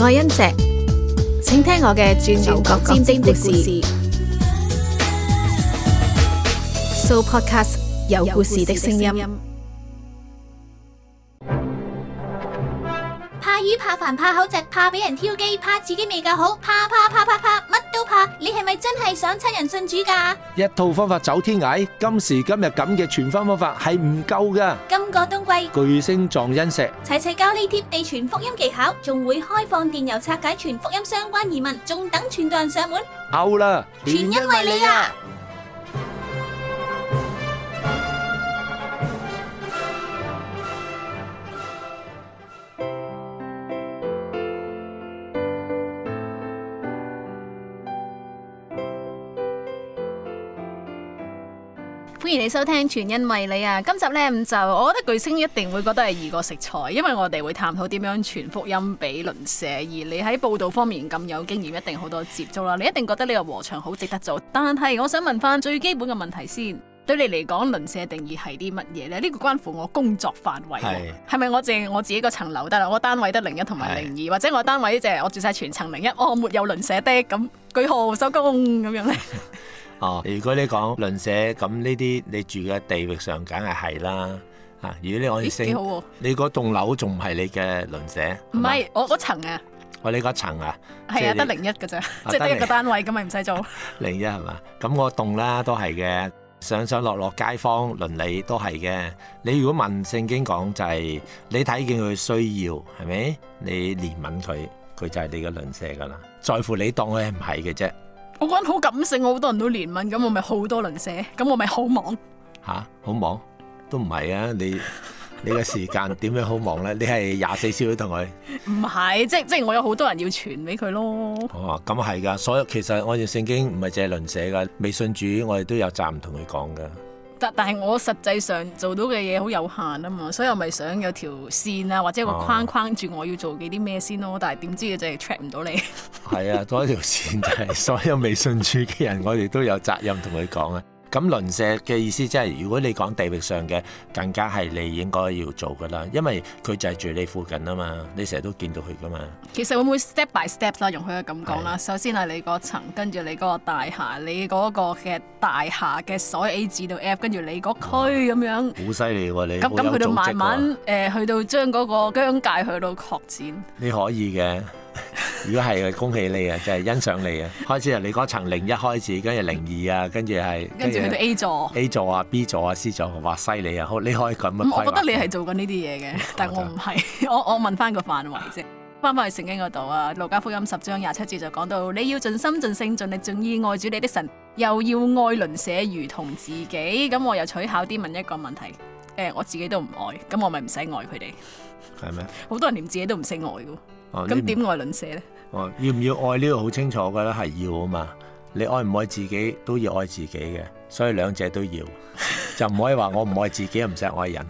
愛恩石，請聽我嘅轉轉角尖尖的故事。So Podcast 有故事的聲音。怕魚怕煩怕口食怕俾人挑機怕自己未夠好怕怕怕怕怕乜都怕，你係咪真係想親人信主噶？一套方法走天涯，今時今日咁嘅傳福音方法係唔夠噶。今個冬季巨星撞恩石，齊齊教呢貼地傳福音技巧，仲會開放電郵拆解傳福音相關疑問，仲等傳到人上門。嘔啦，全因為你啊！歡迎你收聽全因為你啊，今集呢就我覺得巨星一定會覺得係易過食材，因為我哋會探討點樣傳福音俾鄰舍，而你喺報道方面咁有經驗，一定好多接觸啦。你一定覺得呢個和場好值得做，但係我想問翻最基本嘅問題先，對你嚟講鄰舍定義係啲乜嘢呢？呢、這個關乎我工作範圍，係咪我淨係我自己嗰層樓得啦？我，我單位得零一同埋零二，或者我單位淨係我住晒全層零一，我沒有鄰舍的，咁句號，收工咁樣呢？ 哦，如果你講鄰舍，咁呢啲你住嘅地域上梗係係啦。啊，如果你我意思，你嗰棟樓仲唔係你嘅鄰舍？唔係，我嗰層啊。我你嗰層啊，係啊，得零一㗎咋，即係得一個單位咁咪唔使做。零一係嘛？咁我棟啦都係嘅，上上落落街坊鄰里都係嘅。你如果問聖經講就係你睇見佢需要係咪？你憐憫佢，佢就係你嘅鄰舍噶啦，在乎你當佢係唔係嘅啫。我覺得好感性，好多人都憐憫，咁我咪好多輪寫，咁我咪好忙。吓、啊，好忙都唔係啊！你你嘅時間點 樣好忙呢？你係廿四小時同佢？唔係，即即我有好多人要傳俾佢咯。哦，咁係噶，所以其實我哋聖經唔係淨係輪寫噶，未信主我哋都有責任同佢講噶。但但係我實際上做到嘅嘢好有限啊嘛，所以我咪想有條線啊，或者有個框框住我要做幾啲咩先咯。哦、但係點知佢就係 check 唔到你？係 啊，多一條線就係所有未信主嘅人，我哋都有責任同佢講啊。咁鄰舍嘅意思即係，如果你講地域上嘅，更加係你應該要做噶啦，因為佢就係住你附近啊嘛，你成日都見到佢噶嘛。其實會唔會 step by step 啦，用佢嘅咁講啦。首先係你嗰層，跟住你嗰個大廈，你嗰個嘅大廈嘅所有 A 至到 F，跟住你個區咁樣。好犀利喎！你咁咁去到慢慢誒去到將嗰個疆界去到擴展。你可以嘅。 如果係恭喜你啊！就係欣賞你啊！開始由你嗰層零一開始，跟住零二啊，跟住係跟住去到 A 座、A 座啊、B 座啊、C 座，哇！犀利啊！好，你可以咁，我覺得你係做緊呢啲嘢嘅， 但係我唔係，我我問翻個範圍啫。翻翻去聖經嗰度啊，《路加福音》十章廿七節就講到，你要盡心、盡性、盡力、盡意愛主你的神，又要愛鄰舍如同自己。咁我又取巧啲問一個問題，誒、欸，我自己都唔愛，咁我咪唔使愛佢哋？係咩嗎？好多人連自己都唔識愛噶。咁點愛鄰舍咧？哦，要唔要愛呢個好清楚噶啦，係要啊嘛。你愛唔愛自己都要愛自己嘅，所以兩者都要，就唔可以話我唔愛自己又唔錫愛人。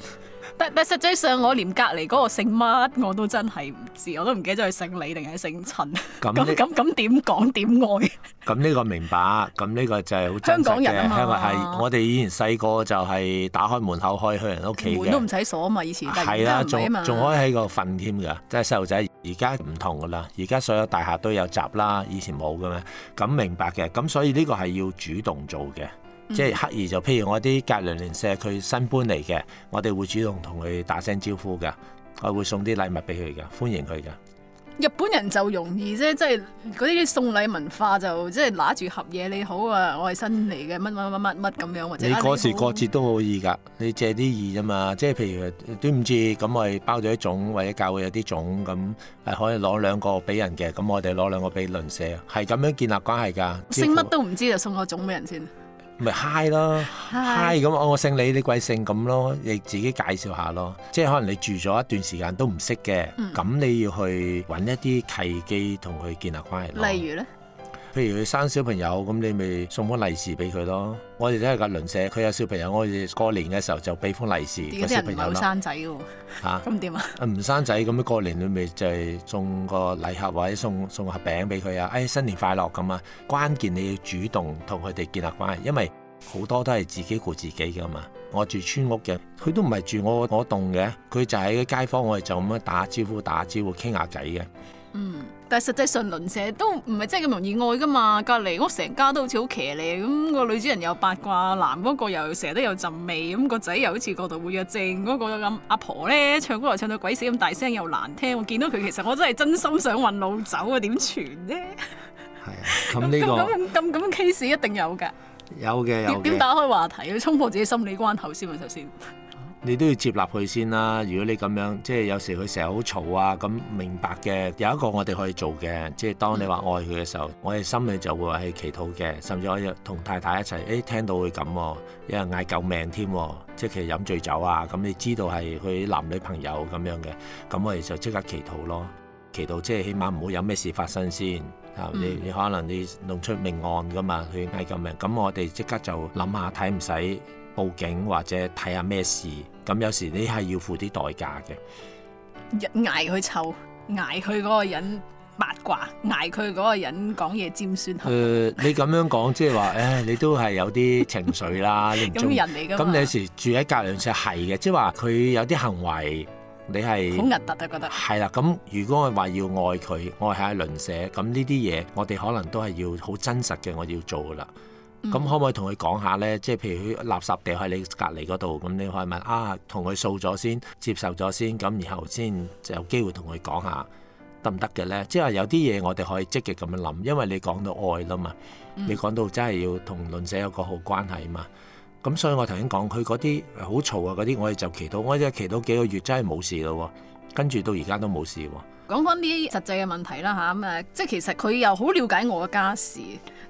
但但實際上我連隔籬嗰個姓乜我都真係唔知，我都唔記得咗佢姓李定係姓陳。咁咁咁點講點愛？咁呢個明白，咁呢個就係好香港人啊嘛。我哋以前細個就係打開門口開去人屋企，門都唔使鎖啊嘛。以前係啦，仲仲可以喺個瞓添噶，即係細路仔。而家唔同噶啦，而家所有大廈都有閘啦，以前冇嘅咩？咁明白嘅，咁所以呢個係要主動做嘅，即係刻意就譬如我啲隔鄰鄰舍佢新搬嚟嘅，我哋會主動同佢打聲招呼噶，我會送啲禮物俾佢嘅，歡迎佢嘅。日本人就容易啫，即係嗰啲送禮文化就即係拿住盒嘢，你好啊，我係新嚟嘅乜乜乜乜乜咁樣，或者你嗰時過節、啊、都好易㗎，你借啲意啫嘛，即係譬如端午節咁，對我係包咗啲粽，或者教會有啲粽咁，係可以攞兩個俾人嘅，咁我哋攞兩個俾鄰舍，係咁樣建立關係㗎。姓乜都唔知就送個粽俾人先。咪嗨咯，嗨咁我姓李，你貴姓咁咯？你自己介紹下咯，即係可能你住咗一段時間都唔識嘅，咁、嗯、你要去揾一啲契機同佢建立關係咯。例如咧？譬如佢生小朋友咁，你咪送封利是俾佢咯。我哋真係隔鄰舍，佢有小朋友，我哋過年嘅時候就俾封利是個小朋友啦。生仔喎，嚇咁點啊？唔生仔咁樣過年便便，你咪就係送個禮盒或者送送個餅俾佢啊！哎，新年快樂咁啊！關鍵你要主動同佢哋建立關係，因為好多都係自己顧自己嘅嘛。我住村屋嘅，佢都唔係住我我棟嘅，佢就喺街坊，我哋就咁樣打招呼打招呼，傾下偈嘅。聊聊嗯，但係實際上鄰舍都唔係真係咁容易愛噶嘛，隔籬屋成家都好似好騎呢，咁個女主人又八卦，男嗰個又成日都有陣味，咁個仔又好似過度活躍症嗰個咁，阿婆咧唱歌又唱到鬼死咁大聲又難聽，我見到佢其實我真係真心想搵路走傳啊，點傳啫？係啊，咁咁個咁咁 case 一定有噶，有嘅有。點打開話題啊？衝破自己心理關頭先啊，首先。你都要接納佢先啦。如果你咁樣，即係有時佢成日好嘈啊，咁明白嘅，有一個我哋可以做嘅，即係當你話愛佢嘅時候，我哋心裏就會係祈禱嘅，甚至我同太太一齊，誒聽到佢咁喎，有人嗌救命添喎，即係其實飲醉酒啊，咁你知道係佢男女朋友咁樣嘅，咁我哋就即刻祈禱咯，祈禱即係起碼唔好有咩事發生先。你你、嗯、可能你弄出命案噶嘛？佢嗌咁樣，咁我哋即刻就諗下，睇唔使報警或者睇下咩事。咁有時你係要付啲代價嘅。捱佢湊，捱佢嗰個人八卦，捱佢嗰個人講嘢尖酸。誒、呃，你咁樣講 即係話，誒，你都係有啲情緒啦。咁 人嚟㗎。咁你有時住喺隔離尺係嘅，即係話佢有啲行為。你係好核突啊！得覺得係啦，咁如果我話要愛佢，愛下鄰舍，咁呢啲嘢我哋可能都係要好真實嘅，我要做噶啦。咁、嗯、可唔可以同佢講下呢？即係譬如垃圾地喺你隔離嗰度，咁你可以問啊，同佢掃咗先，接受咗先，咁然後先就有機會同佢講下得唔得嘅呢？即係有啲嘢我哋可以積極咁樣諗，因為你講到愛啦嘛，你講到真係要同鄰舍有個好關係嘛。嗯嗯。咁所以我頭先講佢嗰啲好嘈啊嗰啲，我哋就祈禱我一祈禱幾個月真係冇事咯。跟住到而家都冇事喎。講返啲實際嘅問題啦吓。咁啊，即係其實佢又好了解我嘅家事，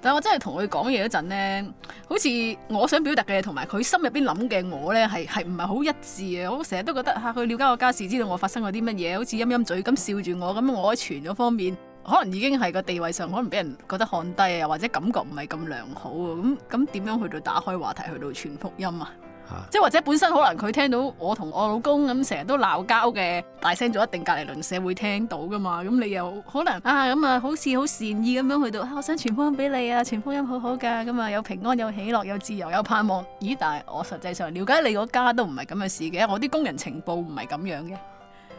但係我真係同佢講嘢嗰陣咧，好似我想表達嘅同埋佢心入邊諗嘅我咧係係唔係好一致啊？我成日都覺得嚇佢了解我家事，知道我發生過啲乜嘢，好似陰陰嘴咁笑住我咁，我喺傳咗方面。可能已經係個地位上，可能俾人覺得看低啊，或者感覺唔係咁良好啊。咁咁點樣去到打開話題，去到傳福音啊？即係、啊、或者本身可能佢聽到我同我老公咁成日都鬧交嘅，大聲咗一定隔離鄰舍會聽到噶嘛。咁你又可能啊咁啊，好似好善意咁樣去到、啊、我想傳福音俾你啊，傳福音好好㗎，咁啊有平安有喜樂有自由有盼望。咦？但係我實際上了解你嗰家都唔係咁嘅事嘅，我啲工人情報唔係咁樣嘅。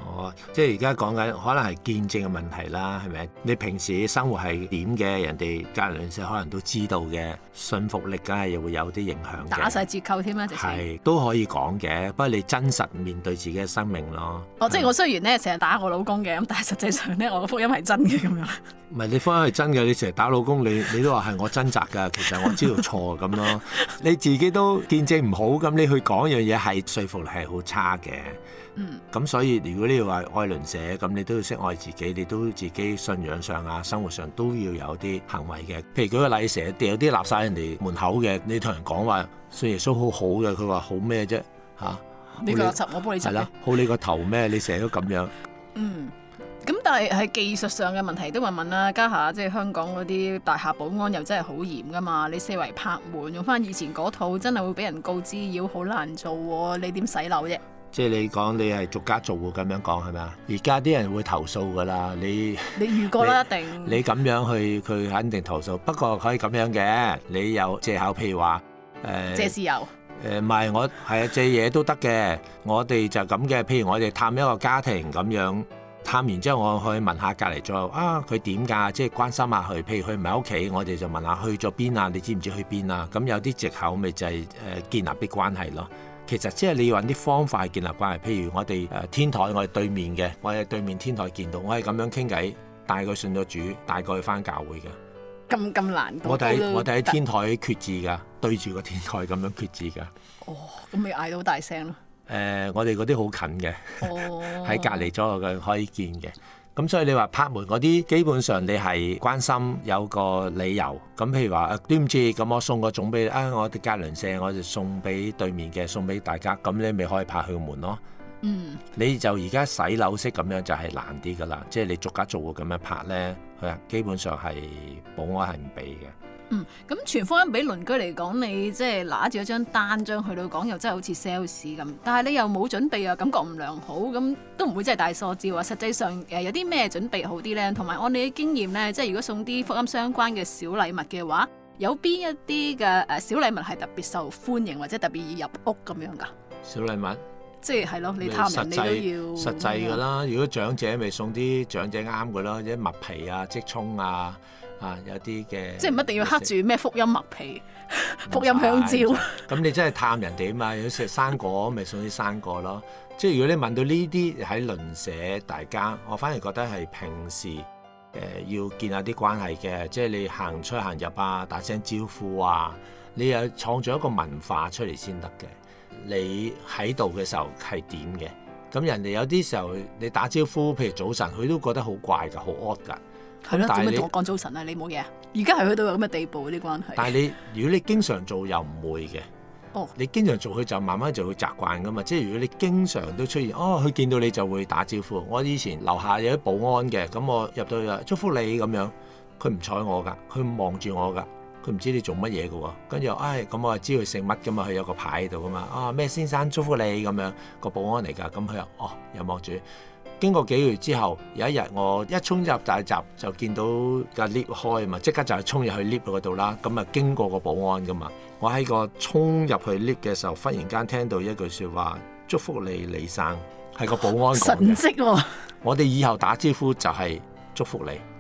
哦，即係而家講緊可能係見證嘅問題啦，係咪？你平時生活係點嘅？人哋隔籬鄰舍可能都知道嘅，信服力梗係又會有啲影響，打晒折扣添啊！係都可以講嘅，不過你真實面對自己嘅生命咯。哦，即係我雖然咧成日打我老公嘅，咁但係實際上咧我嘅福音係真嘅咁樣。唔係你福音係真嘅，你成日打老公，你你都話係我掙扎㗎， 其實我知道錯咁咯。你自己都見證唔好咁，你去講一樣嘢係說服力係好差嘅。咁所以如果你要話愛鄰舍，咁你都要識愛自己，你都自己信仰上啊，生活上都要有啲行為嘅。譬如舉個例，成日掉啲垃圾人哋門口嘅，你同人講話信耶穌好好嘅，佢話好咩啫？吓，你夾集我幫你集，係咯，好你個頭咩？你成日都咁樣。嗯，咁但係喺技術上嘅問題都問問啦。家下即係香港嗰啲大廈保安又真係好嚴噶嘛？你四圍拍門，用翻以前嗰套真係會俾人告知要好難做喎。你點洗樓啫？即係你講你係逐家逐戶咁樣講係咪啊？而家啲人會投訴噶啦，你你預過啦，一定你咁樣去，佢肯定投訴。不過可以咁樣嘅，你有借口，譬如話誒，呃、借豉油誒，唔係我係啊，借嘢都得嘅。我哋 就咁嘅，譬如我哋探一個家庭咁樣，探完之後我去問下隔離左右啊，佢點㗎？即係關心下佢。譬如佢唔喺屋企，我哋就問下去咗邊啊？你知唔知去邊啊？咁有啲藉口咪就係誒建立啲關係咯。其實即係你要揾啲方法建立關係，譬如我哋誒天台，我哋對面嘅，我哋對面天台見到，我係咁樣傾偈，帶佢信咗主，帶佢去翻教會㗎。咁咁難我？我哋我哋喺天台決志㗎，對住個天台咁樣決志㗎。哦，咁你嗌到大聲咯？誒、呃，我哋嗰啲好近嘅，喺、哦、 隔離左右嘅可以見嘅。咁、嗯、所以你話拍門嗰啲，基本上你係關心有個理由。咁譬如話誒，端午節咁，我送個粽俾你。啊，我哋隔鄰舍，我就送俾對面嘅，送俾大家。咁你咪可以拍去門咯。嗯。你就而家洗樓式咁樣就係難啲噶啦，即係你逐家逐戶咁樣拍咧，佢係基本上係保安係唔俾嘅。嗯，咁全方音俾鄰居嚟講，你即係拿住一張單張去到講又真係好似 sales 咁，但係你又冇準備，又感覺唔良好，咁都唔會真係大數字喎。實際上，誒有啲咩準備好啲咧？同埋按你嘅經驗咧，即係如果送啲福音相關嘅小禮物嘅話，有邊一啲嘅誒小禮物係特別受歡迎或者特別易入屋咁樣噶？小禮物即係係咯，你探人你都要實際嘅啦。如果長者，咪送啲長者啱嘅咯，一麥皮啊、即沖啊。啊！有啲嘅，即係唔一定要刻住咩福音麥皮、差福音香蕉。咁 你真係探人哋啊嘛！有時生果咪送啲生果咯。即係如果你問到呢啲喺鄰舍大家，我反而覺得係平時誒、呃、要建立啲關係嘅。即係你行出行入啊，打聲招呼啊，你又創造一個文化出嚟先得嘅。你喺度嘅時候係點嘅？咁人哋有啲時候你打招呼，譬如早晨，佢都覺得好怪噶，好 odd 噶。係咯，做咩同我講早晨啊？你冇嘢啊？而家係去到咁嘅地步嗰啲關係。但係你， 但你如果你經常做又唔會嘅，哦，你經常做佢就慢慢就會習慣噶嘛。即係如果你經常都出現，哦，佢見到你就會打招呼。我以前樓下有啲保安嘅，咁我入到去祝福你咁樣，佢唔睬我㗎，佢望住我㗎，佢唔知你做乜嘢㗎喎。跟住我，哎，咁我係知佢姓乜㗎嘛？佢有個牌喺度㗎嘛。啊，咩先生祝福你咁樣，個保安嚟㗎。咁佢又哦，又望住。經過幾個月之後，有一日我一衝入大閘就見到架 lift 開啊嘛，即刻就係衝入去 lift 嗰度啦。咁啊經過個保安噶嘛，我喺個衝入去 lift 嘅時候，忽然間聽到一句説話：祝福你，李生，係個保安講嘅。神蹟喎、哦！ 我哋以後打招呼就係祝福你。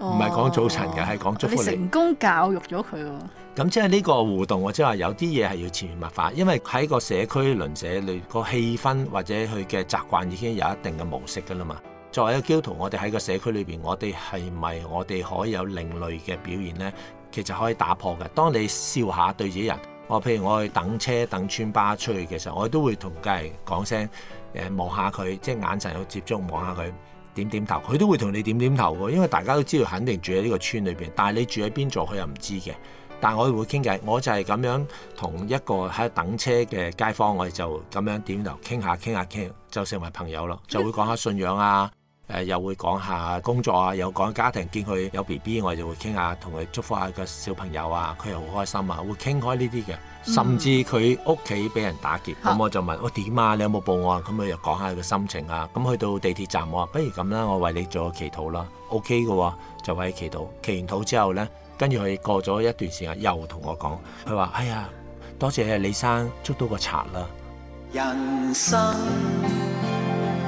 唔係講早晨嘅，係講祝福你成功教育咗佢喎。咁即係呢個互動，即係話有啲嘢係要潛移默化，因為喺個社區鄰舍裏個氣氛或者佢嘅習慣已經有一定嘅模式㗎啦嘛。作為一個教徒，我哋喺個社區裏邊，我哋係咪我哋可以有另類嘅表現咧？其實可以打破嘅。當你笑下對住啲人，我譬如我去等車、等村巴出去嘅時候，我都會同雞講聲，誒望下佢，即係眼神有接觸，望下佢，點點頭，佢都會同你點點頭，因為大家都知道肯定住喺呢個村裏邊，但係你住喺邊座佢又唔知嘅。但係我哋會傾偈，我就係咁樣同一個喺等車嘅街坊，我哋就咁樣點頭傾下傾下傾，就成為朋友咯，就會講下信仰啊。誒、呃、又會講下工作啊，又講家庭，見佢有 B B，我哋會傾下，同佢祝福下個小朋友啊，佢又好開心啊，會傾開呢啲嘅。甚至佢屋企俾人打劫，咁、嗯、我就問我點、哦、啊，你有冇報案？咁佢又講下佢個心情啊。咁去到地鐵站，我話不如咁啦，我為你做個祈禱啦，OK 嘅，就為你祈禱。祈完禱之後呢，跟住佢過咗一段時間，又同我講，佢話哎呀，多謝你李生捉到個賊啦。人生。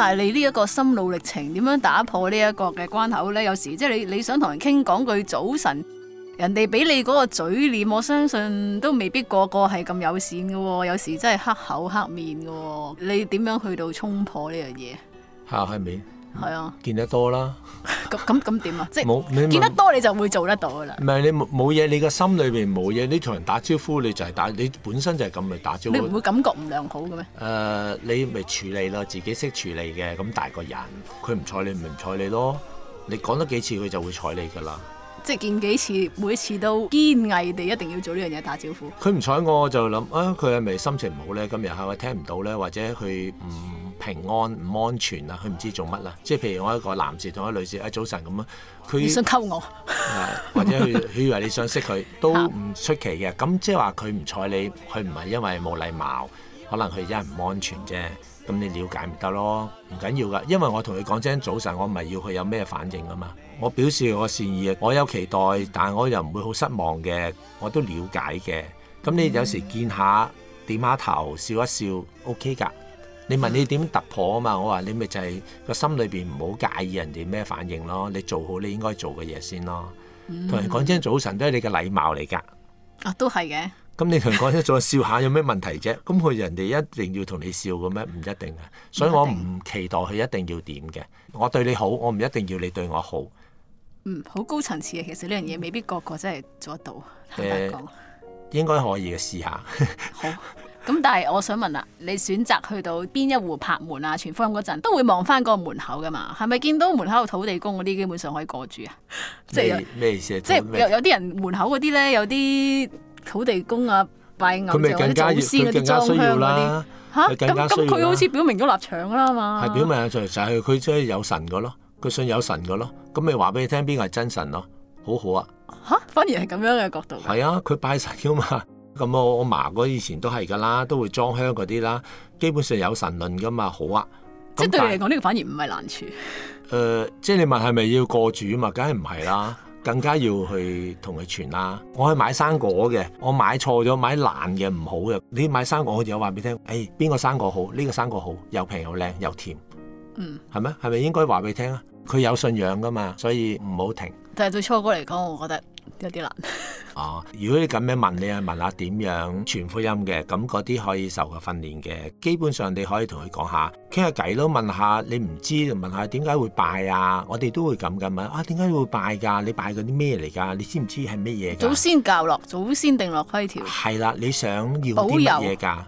但係你呢一個心路歷程，點樣打破呢一個嘅關口呢？有時即係你你想同人傾講句早晨，人哋俾你嗰個嘴臉，我相信都未必個個係咁友善嘅喎，有時真係黑口黑面嘅喎。你點樣去到衝破呢樣嘢？下係咪？係啊、嗯，見得多啦。咁咁咁點啊？即係見得多你就會做得到噶啦。唔係你冇嘢，你個心裏邊冇嘢，你同人打招呼你就係打，你本身就係咁嚟打招呼。你唔會感覺唔良好嘅咩？誒、呃，你咪處理咯，自己識處理嘅。咁大個人，佢唔睬你咪唔睬你咯。你講多幾次佢就會睬你噶啦。即係見幾次，每一次都堅毅地一定要做呢樣嘢，打招呼。佢唔睬我，我就諗啊，佢係咪心情唔好咧？今日係咪聽唔到咧？或者佢唔？嗯嗯平安唔安全啊？佢唔知做乜啦、啊，即係譬如我一個男士同一個女士，哎早晨咁 啊，佢想溝我，或者佢以為你想識佢，都唔出奇嘅。咁即係話佢唔睬你，佢唔係因為冇禮貌，可能佢而家唔安全啫。咁你了解咪得咯？唔緊要噶，因為我同你講聲早晨，我唔係要佢有咩反應啊嘛。我表示我善意，我有期待，但係我又唔會好失望嘅，我都了解嘅。咁你有時見下點下頭，笑一笑，OK 噶。你問你點突破啊嘛？我話你咪就係個心裏邊唔好介意人哋咩反應咯。你做好你應該做嘅嘢先咯。同人講聲早晨都係你嘅禮貌嚟㗎。啊，都係嘅。咁你同人講聲早晨笑下有咩問題啫？咁佢人哋一定要同你笑嘅咩？唔一定嘅。所以我唔期待佢一定要點嘅。我對你好，我唔一定要你對我好。嗯，好高層次嘅，其實呢樣嘢未必個個真係做得到。誒，應該可以嘅，試下。好。咁但係我想問啦，你選擇去到邊一戶拍門啊、傳封嗰陣，都會望翻個門口噶嘛？係咪見到門口有土地公嗰啲，基本上可以過住啊？即係咩事？即係沒有啲人門口嗰啲咧，有啲土地公啊、拜牛、拜祖先嗰啲、啊、安香嗰啲，咁咁佢好似表明咗立場啦嘛？係表明啊，就係佢真係有神嘅咯，佢信有神嘅咯。咁咪話俾你聽，邊個係真神咯？好好啊！嚇、啊，反而係咁樣嘅角度。係啊，佢拜神㗎嘛。咁我阿嫲嗰以前都係噶啦，都會裝香嗰啲啦，基本上有神論噶嘛，好啊。即係對你嚟講，呢但個反而唔係難處。誒，即係你問係咪要過主啊嘛，梗係唔係啦， 更加要去同佢傳啦。我去買生果嘅，我買錯咗買爛嘅唔好嘅，你買生果我就話俾你聽，誒、哎，邊個生果好？呢、這個生果好，又平又靚又甜，嗯，係咩？係咪應該話俾你聽啊？佢有信仰噶嘛，所以唔好停。但係對初哥嚟講，我覺得有啲難。 啊、哦！如果你咁樣問你啊，問下點樣傳福音嘅，咁嗰啲可以受過訓練嘅。基本上你可以同佢講下傾下偈咯，問下你唔知，問下點解會拜啊？我哋都會咁噶嘛。啊，點解會拜噶？你拜嗰啲咩嚟噶？你知唔知係咩嘢？早先教落，早先定落規條。係啦，你想要啲嘢噶？保佑。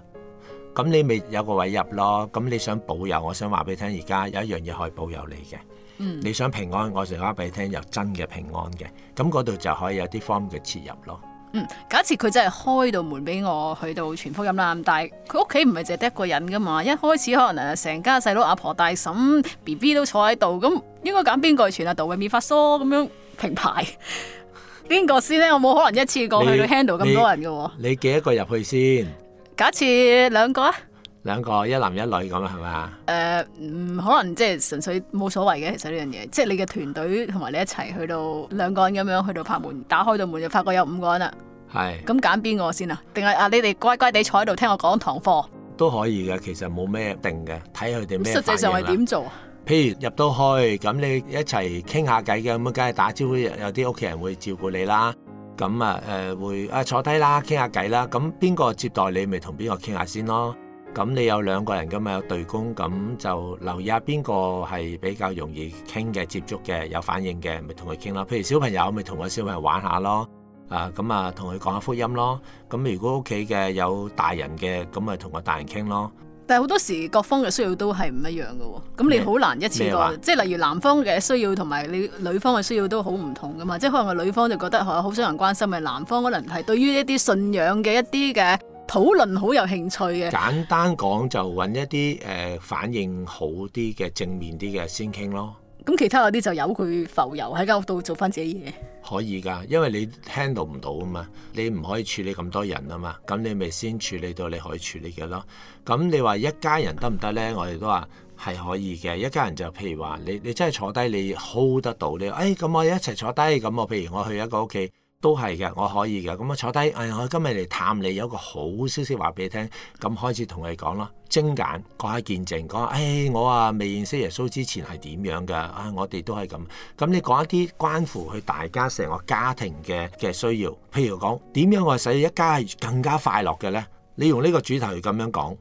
咁你咪有個位入咯。咁你想保佑，我想話俾你聽，而家有一樣嘢可以保佑你嘅。嗯、你想平安，我成日話俾你聽，有真嘅平安嘅，咁嗰度就可以有啲方便嘅切入咯。嗯，假設佢真係開到門俾我去到全福音啦，咁但係佢屋企唔係淨係得一個人噶嘛，一開始可能啊成家細佬、阿婆、大嬸、B B 都坐喺度，咁應該揀邊個傳啊？道嘅滅髮梳咁樣平排？邊個先咧？我冇可能一次過去 handle 咁多人嘅喎。你幾一個入去先？假設兩個啊。兩個一男一女咁啊，係嘛？誒，嗯，可能即係純粹冇所謂嘅，其實呢樣嘢，即係你嘅團隊同埋你一齊去到兩個人咁樣去到拍門打開到門就發覺有五個人啦。係。咁揀邊個先啊？定係啊？你哋乖乖地坐喺度聽我講堂課都可以嘅。其實冇咩定嘅，睇佢哋咩反應啦。實際上係點做啊？譬如入到去咁，你一齊傾下偈嘅咁啊，梗係打招呼。有啲屋企人會照顧你、呃啊、啦。咁啊，誒會啊坐低啦，傾下偈啦。咁邊個接待你，咪同邊個傾下先咯。咁你有兩個人咁咪有隊工，咁就留意下邊個係比較容易傾嘅、接觸嘅、有反應嘅，咪同佢傾啦。譬如小朋友，咪同個小朋友玩下咯。啊、呃，咁啊，同佢講下福音咯。咁如果屋企嘅有大人嘅，咁咪同個大人傾咯。但係好多時各方嘅需要都係唔一樣嘅喎。咁你好難一次過，麼即係例如男方嘅需要同埋你女方嘅需要都好唔同㗎嘛。即係可能個女方就覺得好少人關心，咪男方可能係對於一啲信仰嘅一啲嘅。討論好有興趣嘅，簡單講就揾一啲誒、呃、反應好啲嘅、正面啲嘅先傾咯。咁其他嗰啲就由佢浮遊喺間屋度做翻自己嘢。可以㗎，因為你 handle 唔到啊嘛，你唔可以處理咁多人啊嘛，咁你咪先處理到你可以處理嘅咯。咁你話一家人得唔得呢？我哋都話係可以嘅。一家人就譬如話，你你真係坐低你 hold 得到你話？哎，咁我一齊坐低。咁我譬如我去一個屋企。都係嘅，我可以嘅。咁我坐低，誒、哎，我今日嚟探你，有個好消息話俾你聽。咁開始同你講啦，精簡，講下見證，講，誒、哎，我啊未認識耶穌之前係點樣噶？啊、哎，我哋都係咁。咁你講一啲關乎佢大家成個家庭嘅嘅需要，譬如講，點樣我使一家更加快樂嘅呢？你用呢個主題去咁樣講，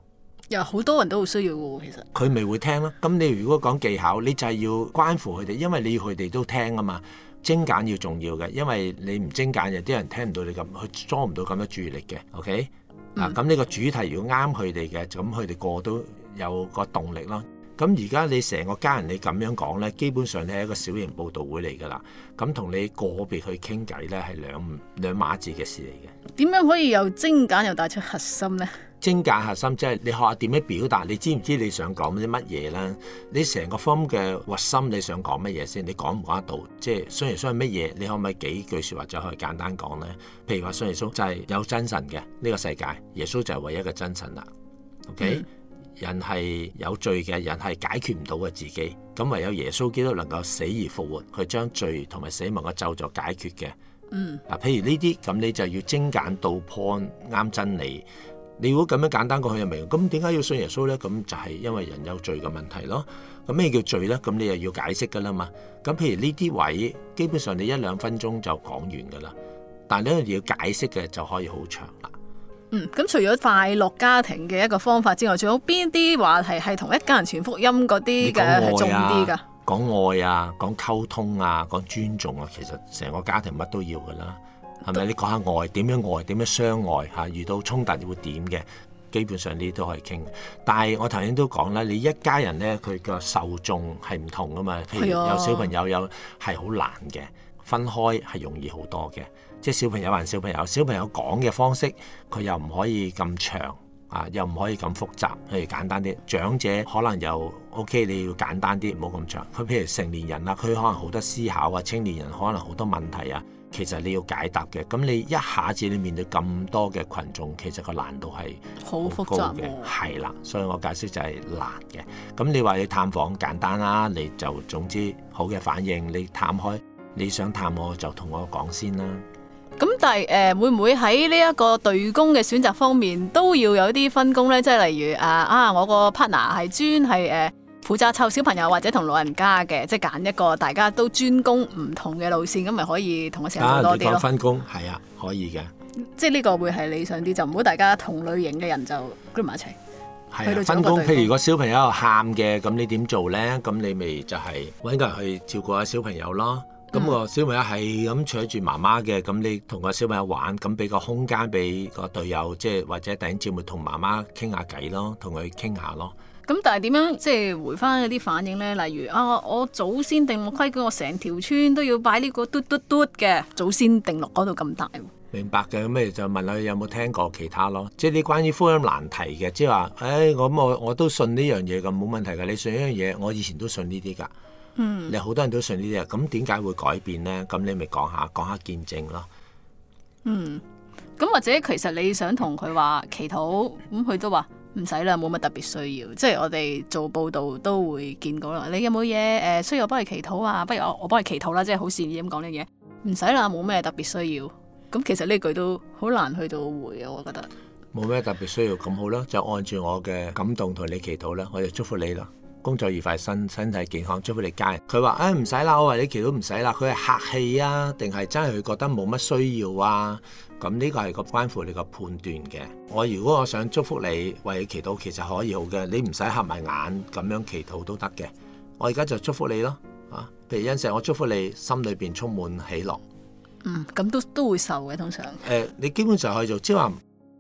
又好多人都好需要喎。其實佢咪會聽咯。咁你如果講技巧，你就係要關乎佢哋，因為你佢哋都聽啊嘛。精簡要重要嘅，因為你唔精簡，有啲人聽唔到你咁，佢裝唔到咁多注意力嘅。OK，嗱、嗯，咁呢、啊這個主題如果啱佢哋嘅，咁佢哋個都有個動力咯。咁而家你成個家人你咁樣講咧，基本上你係一個小型報導會嚟㗎喇。咁同你個別去傾偈咧，係兩兩碼字嘅事嚟嘅。點樣可以又精簡又帶出核心咧？精簡核心，即係你學下點樣表達。你知唔知你想講啲乜嘢咧？你成個 form 嘅核心你想講乜嘢先？你講唔講得到？即係信耶穌係乜嘢？你可唔可以幾句説話就可以簡單講咧？譬如話，信耶穌就係有真神嘅呢、這個世界，耶穌就係唯一嘅真神啦。OK，、mm hmm. 人係有罪嘅，人係解決唔到嘅自己。咁唯有耶穌基督能夠死而復活，佢將罪同埋死亡嘅咒詛解決嘅。嗯、mm。嗱、hmm.，譬如呢啲，咁你就要精簡到 point 啱真理。你如果咁樣簡單過去又唔明，咁點解要信耶穌咧？咁就係因為人有罪嘅問題咯。咁咩叫罪咧？咁你又要解釋噶啦嘛。咁譬如呢啲位，基本上你一兩分鐘就講完噶啦。但你一定要解釋嘅就可以好長啦。嗯，咁除咗快樂家庭嘅一個方法之外，仲有邊啲話題係同一家人傳福音嗰啲嘅係重啲㗎？講愛啊，講溝通啊，講尊重啊，其實成個家庭乜都要㗎啦。係咪？你講下愛點樣愛，點樣相愛嚇？遇到衝突會點嘅？基本上呢，都可以傾。但係我頭先都講啦，你一家人咧，佢個受眾係唔同啊嘛。係啊。譬如有小朋友有係好難嘅，分開係容易好多嘅。即係小朋友還小朋友，小朋友講嘅方式佢又唔可以咁長啊，又唔可以咁複雜。譬如簡單啲，長者可能又 OK，你要簡單啲，唔好咁長。佢譬如成年人啦，佢可能好多思考啊，青年人可能好多問題啊。其實你要解答嘅，咁你一下子你面對咁多嘅群眾，其實個難度係好高嘅，好複雜嘅，係啦，所以我解釋就係難嘅。咁你話你探訪簡單啦，你就總之好嘅反應，你探開你想探我，就同我講先啦。咁但係誒、呃，會唔會喺呢一個隊工嘅選擇方面都要有啲分工呢？即係例如啊啊，我個 partner 係專係誒。負責湊小朋友或者同老人家嘅，即係揀一個大家都專攻唔同嘅路線，咁咪可以同佢成日多啲、啊、分工係啊，可以嘅。即係呢個會係理想啲，就唔好大家同類型嘅人就 group 埋一齊。係、啊、分工。譬如，如小小、個小朋友喊嘅，咁你點做咧？咁你咪就係揾個人去照顧下小朋友啦。咁個小朋友係咁扯住媽媽嘅，咁你同個小朋友玩，咁俾個空間俾個隊友，即係或者第二招咪同媽媽傾下偈咯，同佢傾下咯。咁但係點樣即係回翻嗰啲反應咧？例如啊，我祖先定律規矩，我成條村都要擺呢個嘟嘟嘟嘅祖先定落嗰度咁大。明白嘅，咁咪就問下佢有冇聽過其他咯？即係啲關於福音難題嘅，即係話，唉、哎，咁我我都信呢樣嘢咁冇問題嘅。你信呢樣嘢，我以前都信呢啲噶。嗯、你好多人都信呢啲啊，咁點解會改變咧？咁你咪講下講下見證咯。嗯，咁或者其實你想同佢話祈禱，咁佢都話。唔使啦，冇乜特別需要，即係我哋做報道都會見到啦。你有冇嘢誒需要我幫你祈禱啊？不如我我幫你祈禱啦，即係好善意咁講呢嘢。唔使啦，冇咩特別需要。咁其實呢句都好難去到回嘅，我覺得。冇咩特別需要，咁好啦，就按住我嘅感動同你祈禱啦，我就祝福你啦。工作愉快，身身體健康，祝福你家人。佢話：誒，唔使啦，我為你祈禱唔使啦。佢係客氣啊，定係真係佢覺得冇乜需要啊？咁呢個係個關乎你個判斷嘅。我如果我想祝福你為你祈禱，其實可以好嘅，你唔使合埋眼咁樣祈禱都得嘅。我而家就祝福你咯，啊！譬如恩石，我祝福你心裏邊充滿喜樂。嗯，咁都都會受嘅，通常。誒、呃，你基本上可以做簽。即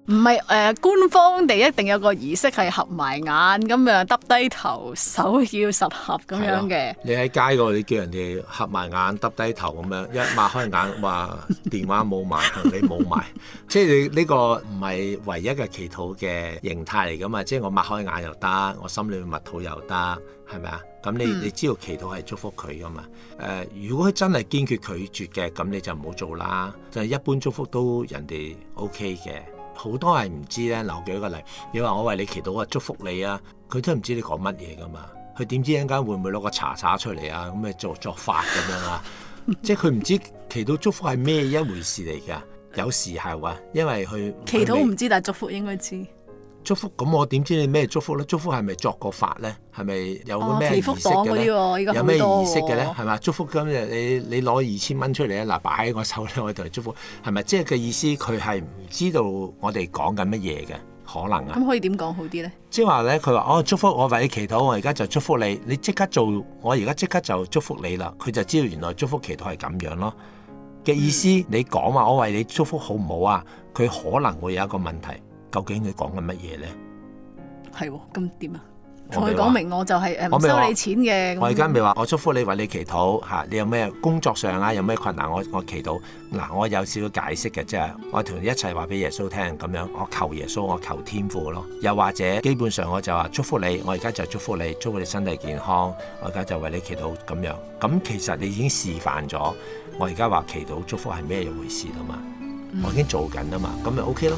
唔係誒，官方哋一定有個儀式係合埋眼咁樣，耷低頭，手要十合咁樣嘅。你喺街嗰度你叫人哋合埋眼、耷低頭咁樣，一擘開眼話 電話冇埋，你冇埋， 即係你呢、呢個唔係唯一嘅祈禱嘅形態嚟噶嘛？即係我擘開眼又得，我心裏面默禱又得，係咪啊？咁你你知道祈禱係祝福佢噶嘛？誒、呃，如果佢真係堅決拒絕嘅，咁你就唔好做啦。就係、是、一般祝福都人哋 OK 嘅。好多人唔知咧，嗱，我舉一個例，你話我為你祈禱，我祝福你啊，佢都唔知你講乜嘢噶嘛，佢點知一陣間會唔會攞個茶叉出嚟啊？咁咪做作法咁樣啊？ 即係佢唔知祈禱祝福係咩一回事嚟噶？有時候啊，因為佢祈禱唔知，但祝福應該知。祝福咁我點知你咩祝福咧？祝福係咪作個法咧？係咪有個咩儀式嘅咧？啊、有咩儀式嘅咧？係嘛？祝福今日你你攞二千蚊出嚟啊！嗱，擺喺我手咧，我就嚟祝福。係咪？即係嘅意思，佢係唔知道我哋講緊乜嘢嘅可能啊？咁可以點講好啲咧？即係話咧，佢話哦，祝福我為你祈禱，我而家就祝福你，你即刻做，我而家即刻就祝福你啦。佢就知道原來祝福祈禱係咁樣咯嘅意思。嗯、你講話我為你祝福好唔好啊？佢可能會有一個問題。究竟佢講緊乜嘢？咧？係喎、哦，咁點啊？同佢講明我就係誒，唔收你錢嘅。我而家咪話，我祝福你為你祈禱吓、啊，你有咩工作上啊，有咩困難，我我祈禱。嗱、啊，我有少少解釋嘅，即係我同你一齊話俾耶穌聽咁樣，我求耶穌，我求天父咯。又或者，基本上我就話祝福你，我而家就祝福你，祝福你身體健康，我而家就為你祈禱咁樣。咁、啊、其實你已經示範咗，我而家話祈禱祝福係咩一回事啦嘛？我已經做緊啦嘛，咁咪 OK 咯。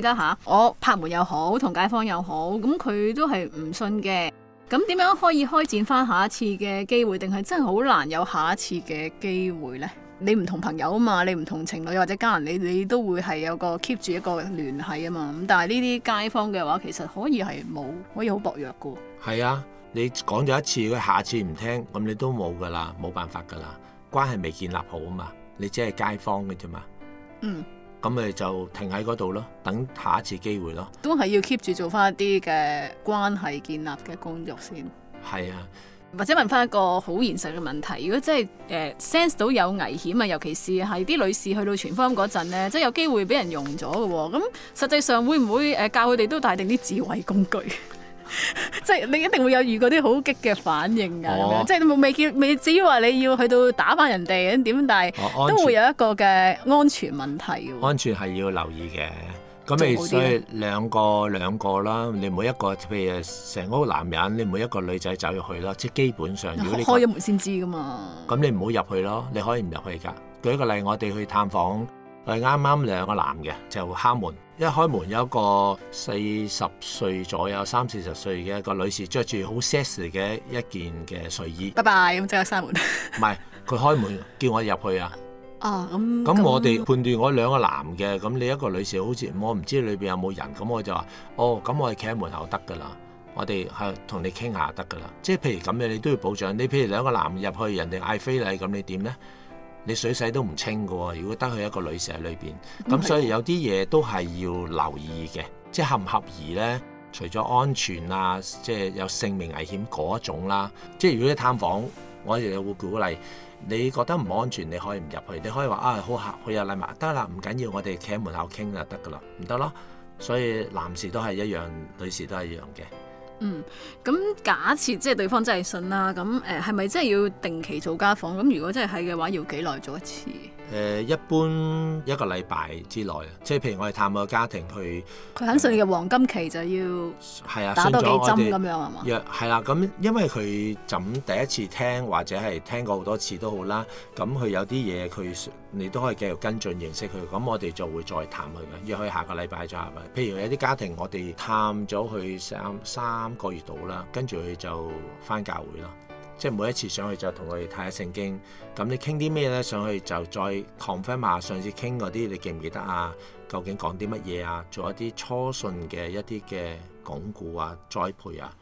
似吓，我拍門又好，同街坊又好，咁佢都係唔信嘅。咁點樣可以開展翻下一次嘅機會？定係真係好難有下一次嘅機會呢？你唔同朋友啊嘛，你唔同情侶或者家人，你你都會係有個 keep 住一個聯繫啊嘛。咁但係呢啲街坊嘅話，其實可以係冇，可以好薄弱噶。係啊，你講咗一次，佢下次唔聽，咁你都冇噶啦，冇辦法噶啦，關係未建立好啊嘛。你只係街坊嘅啫嘛。嗯。咁咪就停喺嗰度咯，等下一次機會咯。都係要 keep 住做翻一啲嘅關係建立嘅工作先。係啊，或者問翻一個好現實嘅問題，如果真係誒 sense 到有危險啊，尤其是係啲女士去到前方嗰陣咧，即係有機會俾人用咗嘅喎。咁實際上會唔會誒教佢哋都帶定啲自衛工具？ 即係你一定會有遇過啲好激嘅反應㗎。哦、即係未見未，未至於話你要去到打翻人哋咁點，但係，哦、都會有一個嘅安全問題嘅。安全係要留意嘅。咁你所以兩個兩個啦。你每一個譬如成屋男人，你每一個女仔走入去啦。即係基本上如果你開咗門先知噶嘛。咁你唔好入去咯，你可以唔入去噶。舉一個例，我哋去探訪。係啱啱兩個男嘅就敲門，一開門有一個四十歲左右，三四十歲嘅個女士着住好 sexy 嘅一件嘅睡衣，拜拜咁即刻閂門。唔係佢開門叫我入去啊？咁、嗯、我哋、嗯、判斷我兩個男嘅，咁你一個女士好似我唔知裏邊有冇人，咁我就話哦，咁我係企喺門口得㗎啦，我哋係同你傾下得㗎啦。即係譬如咁樣你都要保障，你譬如兩個男入去人哋嗌非禮，咁你點呢？你水洗都唔清嘅喎、哦，如果得佢一個女士裏邊，咁所以有啲嘢都係要留意嘅，即係合唔合宜呢？除咗安全啊，即係有性命危險嗰種啦、啊。即係如果你探訪，我哋有會鼓勵你覺得唔安全，你可以唔入去，你可以話啊好客，好有禮物得啦，唔緊要，我哋企喺門口傾就得㗎啦，唔得咯。所以男士都係一樣，女士都係一樣嘅。嗯，咁假設即係對方真係信啦，咁誒係咪真係要定期做家訪？咁如果真係係嘅話，要幾耐做一次？誒、呃，一般一個禮拜之內啊，即係譬如我哋探個家庭去，佢肯信嘅黃金期就要係啊，打多幾針咁、啊、樣係嘛？若係啦，咁、啊、因為佢就第一次聽或者係聽過好多次都好啦，咁佢有啲嘢佢。你都可以繼續跟進認識佢，咁我哋就會再探佢嘅，亦佢下個禮拜再係咪？譬如有啲家庭，我哋探咗佢三三個月度啦，跟住佢就返教會啦。即係每一次上去就同佢哋睇下聖經，咁你傾啲咩咧？上去就再 confirm 下上次傾嗰啲，你記唔記得啊？究竟講啲乜嘢啊？做一啲初信嘅一啲嘅鞏固啊、栽培啊，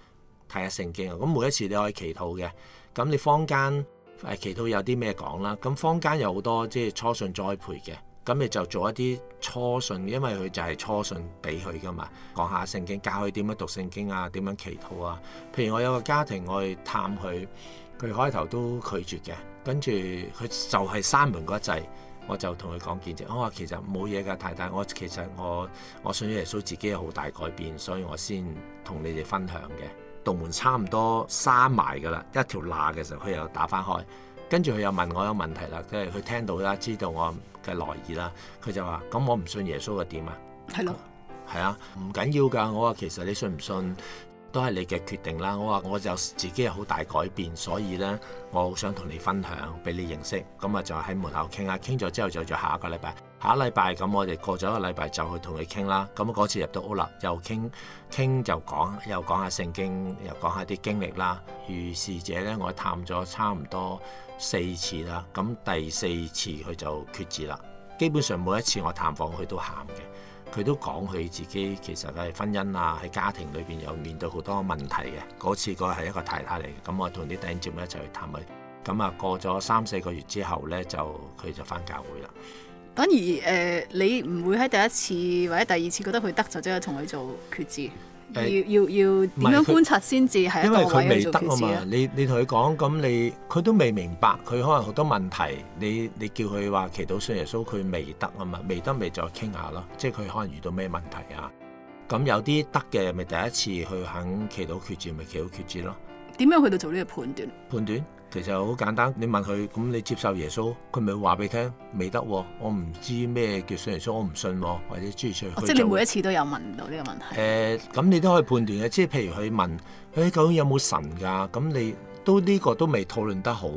睇下聖經啊。咁每一次你可以祈禱嘅，咁你坊間。誒祈禱有啲咩講啦？咁坊間有好多即係初信栽培嘅，咁你就做一啲初信，因為佢就係初信俾佢噶嘛。講下聖經，教佢點樣讀聖經啊，點樣祈禱啊。譬如我有個家庭，我去探佢，佢開頭都拒絕嘅，跟住佢就係閂門嗰一陣，我就同佢講見證。我話其實冇嘢㗎，太太，我其實我我信耶穌自己有好大改變，所以我先同你哋分享嘅。道門差唔多閂埋㗎啦，一條罅嘅時候，佢又打翻開，跟住佢又問我有問題啦，即係佢聽到啦，知道我嘅來意啦，佢就話：咁我唔信耶穌又點啊？係咯，係啊，唔緊要㗎，我話其實你信唔信？都係你嘅決定啦！我話我就自己有好大改變，所以呢，我好想同你分享，俾你認識。咁啊，就喺門口傾下，傾咗之後就做下一個禮拜。下一禮拜咁，我哋過咗一個禮拜就去同佢傾啦。咁嗰次入到屋啦，又傾傾就講又講下聖經，又講下啲經歷啦。如是者呢，我探咗差唔多四次啦。咁第四次佢就決志啦。基本上每一次我探訪佢都喊嘅。佢都講佢自己其實係婚姻啊，喺家庭裏邊有面對好多問題嘅。嗰次個係一個太太嚟嘅，咁、嗯、我同啲頂接咧一齊去探佢。咁、嗯、啊，過咗三四個月之後呢，就佢就返教會啦。反而誒、呃，你唔會喺第一次或者第二次覺得佢得，就即刻同佢做決志。要要要點樣觀察先至喺個因為位做判斷啊？因為佢未得啊嘛，你你同佢講咁，你佢都未明白，佢可能好多問題。你你叫佢話祈禱信耶穌，佢未得啊嘛？未得咪再傾下咯。即係佢可能遇到咩問題啊？咁有啲得嘅，咪第一次去肯祈禱決到決戰，咪祈禱決戰咯。點樣去到做呢個判斷，判斷？其實好簡單，你問佢咁你接受耶穌，佢咪話俾你聽未得？我唔知咩叫信耶穌，我唔信或者諸如此類。哦，即係你每一次都有問到呢個問題。誒、呃，咁你都可以判斷嘅，即係譬如佢問：誒、哎、究竟有冇神㗎？咁你都呢、這個都未討論得好，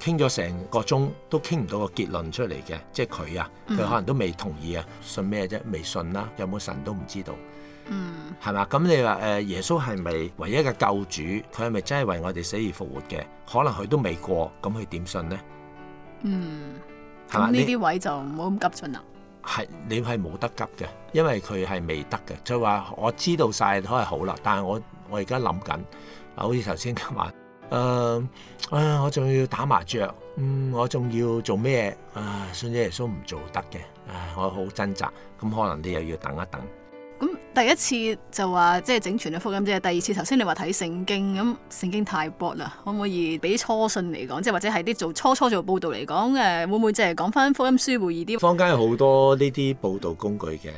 傾咗成個鐘都傾唔到個結論出嚟嘅，即係佢啊，佢可能都未同意啊，嗯、信咩啫？未信啦，有冇神都唔知道。嗯，係嘛？咁你話誒，耶穌係咪唯一嘅救主？佢係咪真係為我哋死而復活嘅？可能佢都未過，咁佢點信呢？嗯，咁呢啲位就唔好咁急進啦。係，你係冇得急嘅，因為佢係未得嘅。就話我知道晒都係好啦，但係我我而家諗緊，好似頭先咁話，誒、呃、誒、呃，我仲要打麻雀、呃呃呃，嗯，我仲要做咩？啊，信耶穌唔做得嘅，我好掙扎，咁可能你又要等一等。第一次就話即係整全一幅福音，第二次頭先你話睇聖經咁，聖、嗯、經太薄啦，可唔可以俾初信嚟講，即係或者係啲做初初做報道嚟講，誒會唔會即係講翻福音書會易啲？坊間有好多呢啲報道工具嘅、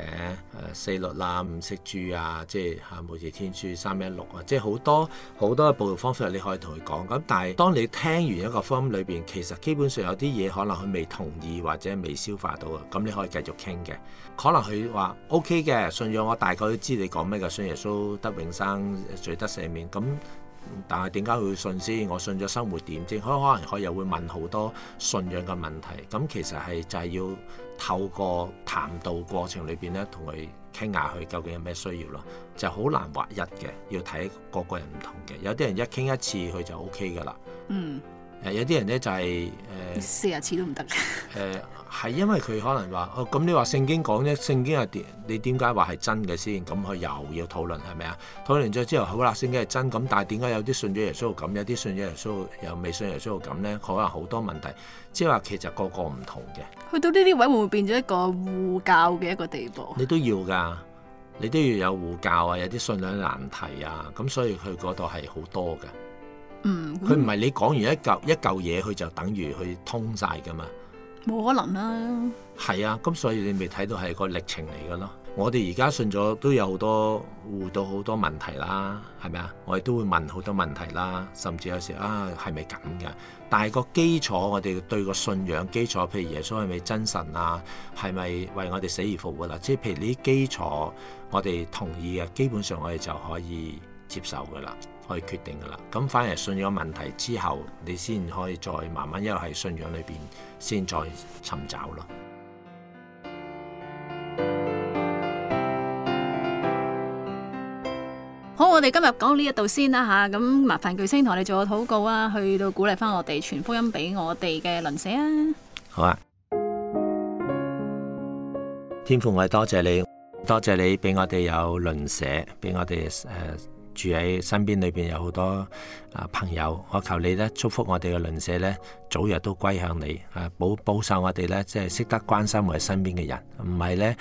呃，四律啦、五色珠啊，即係嚇，好似天書三一六啊，即係好多好多嘅報道方法你可以同佢講。咁但係當你聽完一個福音裏邊，其實基本上有啲嘢可能佢未同意或者未消化到，咁你可以繼續傾嘅。可能佢話 O K 嘅，信仰我大概。佢知你講咩噶，信耶穌得永生，罪得赦免。咁，但係點解佢會信先？我信咗生活點先。佢可能佢又會問好多信仰嘅問題。咁其實係就係要透過談道過程裏邊咧，同佢傾下佢究竟有咩需要咯。就好難劃一嘅，要睇各個人唔同嘅。有啲人一傾一次佢就 OK 噶啦。嗯。有啲人咧就係、是、誒、呃、四十次都唔得嘅。誒係因為佢可能話哦咁你話聖經講咧，聖經係點？你點解話係真嘅先？咁佢又要討論係咪啊？討論咗之後好啦，聖經係真。咁但係點解有啲信咗耶穌咁，有啲信咗耶穌又未信耶穌咁咧？可能好多問題，即係話其實個個唔同嘅。去到呢啲位會唔會變咗一個護教嘅一個地步？你都要㗎，你都要有護教有啊，有啲信仰難題啊，咁所以佢嗰度係好多嘅。佢唔係你講完一嚿、嗯、一嚿嘢，佢就等於佢通晒噶嘛？冇可能啦！係啊，咁、啊、所以你咪睇到係個歷程嚟噶咯？我哋而家信咗都有好多互到好多問題啦，係咪啊？我哋都會問好多問題啦，甚至有時啊係咪咁噶？但係個基礎，我哋對個信仰基礎，譬如耶穌係咪真神啊？係咪為我哋死而復活啦？即係譬如呢啲基礎，我哋同意嘅，基本上我哋就可以接受噶啦。可以決定噶啦，咁反而信仰問題之後，你先可以再慢慢又喺信仰裏邊先再尋找咯。好，我哋今日講到呢一度先啦吓，咁、啊、麻煩巨星同我哋做個禱告啊，去到鼓勵翻我哋傳福音俾我哋嘅鄰舍啊。好啊，天父，我哋多謝你，多謝你俾我哋有鄰舍，俾我哋誒。呃住喺身邊裏邊有好多啊朋友，我求你咧祝福我哋嘅鄰舍咧，早日都歸向你啊！保保守我哋咧，即係識得關心我哋身邊嘅人，唔係咧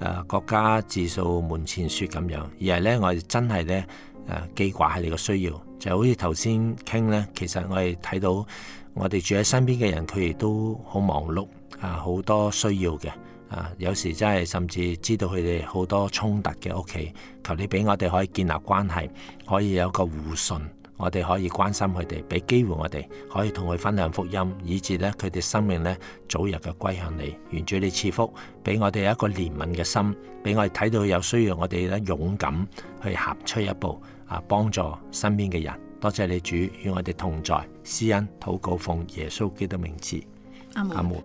誒國家自掃門前雪咁樣，而係咧我哋真係咧誒記掛喺你嘅需要，就係好似頭先傾咧，其實我哋睇到我哋住喺身邊嘅人，佢哋都好忙碌啊，好多需要嘅。啊！有時真係甚至知道佢哋好多衝突嘅屋企，求你俾我哋可以建立關係，可以有個互信，我哋可以關心佢哋，俾機會我哋可以同佢分享福音，以至咧佢哋生命咧早日嘅歸向你。願主你賜福，俾我哋一個憐憫嘅心，俾我哋睇到有需要，我哋咧勇敢去踏出一步，啊，幫助身邊嘅人。多謝你主與我哋同在，施恩禱告奉耶穌基督名字，阿門蒙。阿